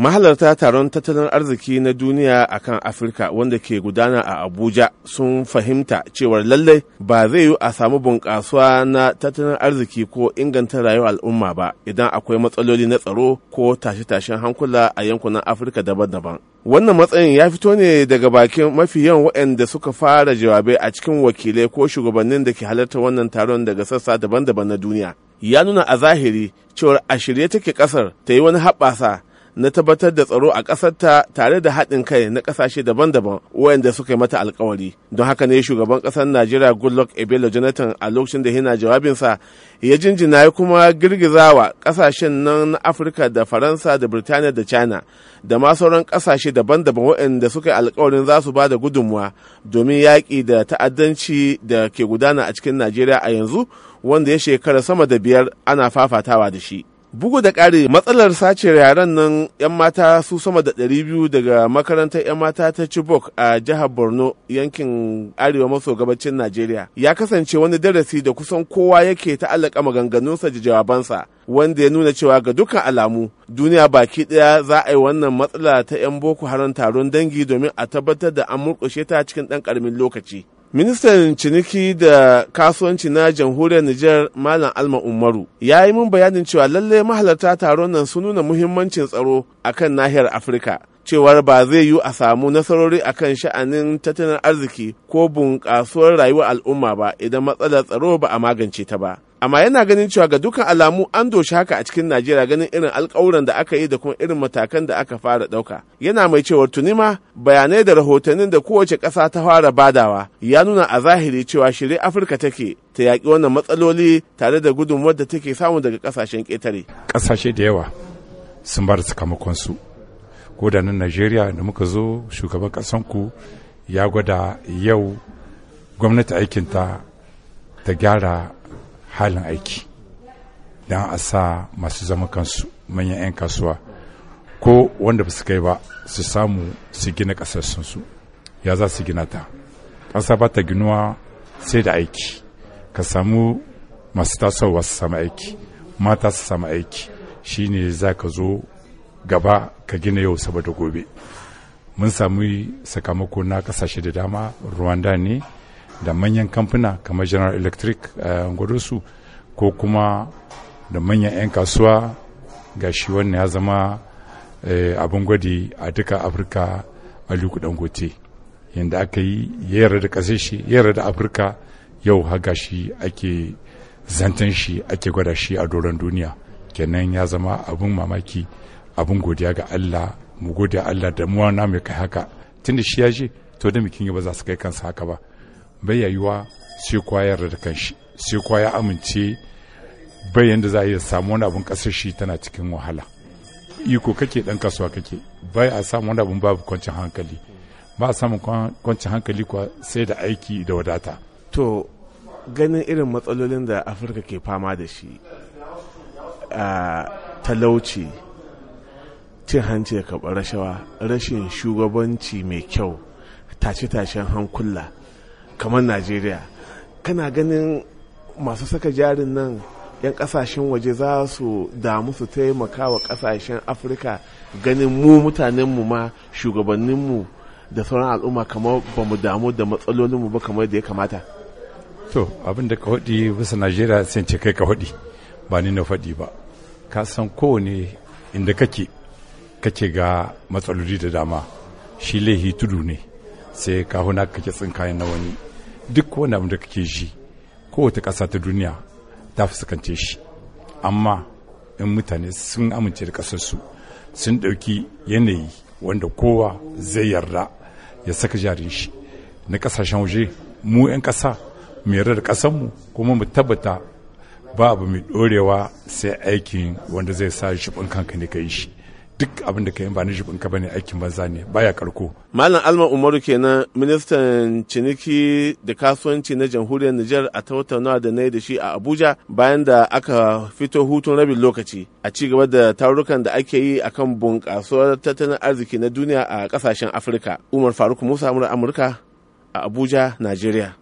mahalarta taron tattalin arziki na duniya a kan afirka wanda ke gudana a abuja sun fahimta cewar lallai ba zai yi a samu bunƙasuwa na tattalin arziki ko inganta rayuwar al'umma ba idan akwai matsaloli na tsaro ko tashe-tashen hankula a yankunan afirka daban-daban wannan matsayin ya fito ne daga bakin mafi yawan waɗanda suka fara jawabai a cikin wakilai ko shugabannin da ke halartar wannan taron daga sassa daban-daban na duniya ya nuna a zahiri cewar a shirye take ƙasar ta yi wani haɓasa na tabbatar da tsaro a ƙasarta tare da haɗin kai na ƙasashe daban-daban wayanda suka yi mata alkawari don haka ne shugaban ƙasar najeriya goodluck ebelo jonathan a lokacin da yana jawabinsa ya jinjina ya kuma girgizawa ƙasashen nan na afirka da faransa da birtaniya da china da ma sauran ƙasashe daban-daban wayanda suka yi alkawarin za su ba da gudunmuwa domin yaƙi da ta'addanci da ke gudana a cikin najeriya a yanzu wanda ya shekara sama da biyar ana fafatawa da shi bugu da ƙari matsalar sace yaren nan 'yan mata su sama da 200 daga makarantar 'yan mata ta chibok a jihar borno yankin arewa maso gabacin najeriya ya kasance wani darasi da kusan kowa yake ta ta'allaka maganganunsa da jawabansa wanda ya nuna cewa ga dukkan alamu duniya baki ɗaya, za a yi wannan matsala ta 'yan boko haram taron dangi domin a tabbatar da an murƙushe ta cikin ɗan ƙaramin lokaci Ministan ciniki da kasuwanci na jamhuriyar Nijar Malam Alma Umaru ya yi min bayanin cewa lalle mahalarta taron nan su nuna muhimmancin tsaro akan nahiyar Afirka. Cewar ba zai yiwu a samu nasarori akan sha'anin tattalin arziki ko bunƙasuwar rayuwar al'umma ba idan matsalar tsaro ba a magance ta ba. amma yana ganin cewa ga dukkan alamu an doshi haka a cikin najeriya ganin irin alkawuran da aka yi da kuma irin matakan da aka fara ɗauka yana mai cewar tunima bayanai da rahotannin da kowace ƙasa ta fara badawa ya nuna a zahiri cewa shirye afirka take ta yaƙi wannan matsaloli tare da gudunmuwar da take samu daga ƙasashen ƙetare ƙasashe da yawa sun bar sakamakon su ko da nan najeriya da muka zo shugaban ƙasanku ya gwada yau gwamnati aikinta ta gyara halin aiki don a sa masu zama kansu manyan 'yan kasuwa ko wanda ba su kai ba su samu su gina sunsu ya za su gina ta ƙasa ba ta ginuwa sai da aiki ka samu masu tasowa su samu aiki mata su samu aiki shine za ka zo gaba ka gina yau saboda gobe mun sami sakamako na kasashe da dama rwanda ne da manyan kamfuna kamar general electric eh, a ko kuma da manyan 'yan kasuwa ga shi wannan ya zama eh, abin gwadi a duka afirka aliku dangote yadda aka yi yara da kasar shi yayar da afirka yau haga shi ake zantan shi ake gwada shi a doron duniya kenan ya zama abin mamaki abin godiya ga allah mu godiya allah da muwa na mai kai haka tun da shi ya je to da mikin ba za su kai kansa haka ba bai yayuwa sai ya yarda da kanshi sai kowa ya amince bai yanda za a iya samu wani abin kasar shi tana cikin wahala iko kake dan kasuwa kake bai a samu wani abin babu kwancin hankali ba a samun kwancin hankali kuwa sai da aiki da wadata to ganin irin matsalolin da afirka ke fama da shi a talauci cin hanci da karɓar rashawa rashin shugabanci mai kyau tashe-tashen hankula kamar najeriya kana ganin masu saka jarin nan 'yan kasashen waje za su damu su taimaka wa kasashen afirka ganin mu mutanen mutanenmu ma mu da sauran al'umma kamar ba mu damu da matsalolinmu ba kamar da ya kamata to abin da ka hudi bisa najeriya sai ce kai ka hudi ba ni na faɗi ba ka san kowane inda kake kake ga matsaloli da dama shi laihi tudu ne sai ka huna kake tsinkayen na wani duk wani abin da kake ji kowace ƙasa ta duniya ta fuskance shi amma in mutane sun amince da ƙasarsu sun ɗauki yanayi wanda kowa zai yarda ya saka jarin shi na ƙasashen waje mu 'yan ƙasa mu yarda da ƙasarmu kuma mu tabbata ba abu mai ɗorewa sai aikin wanda zai sa shi kanka ne ka yi shi duk abin da ka yi ba na jibin ka ne aikin banza ne baya karko. Malam Alma Umaru kenan ministan ciniki da kasuwanci na jamhuriyar Nijar a tattaunawa da na da shi a Abuja bayan da aka fito hutun rabin lokaci a ci gaba da tarurrukan da ake yi akan bunƙasuwar tattalin arziki na duniya a ƙasashen Afirka. Umar Faruk Musa Amurka a Abuja, Najeriya.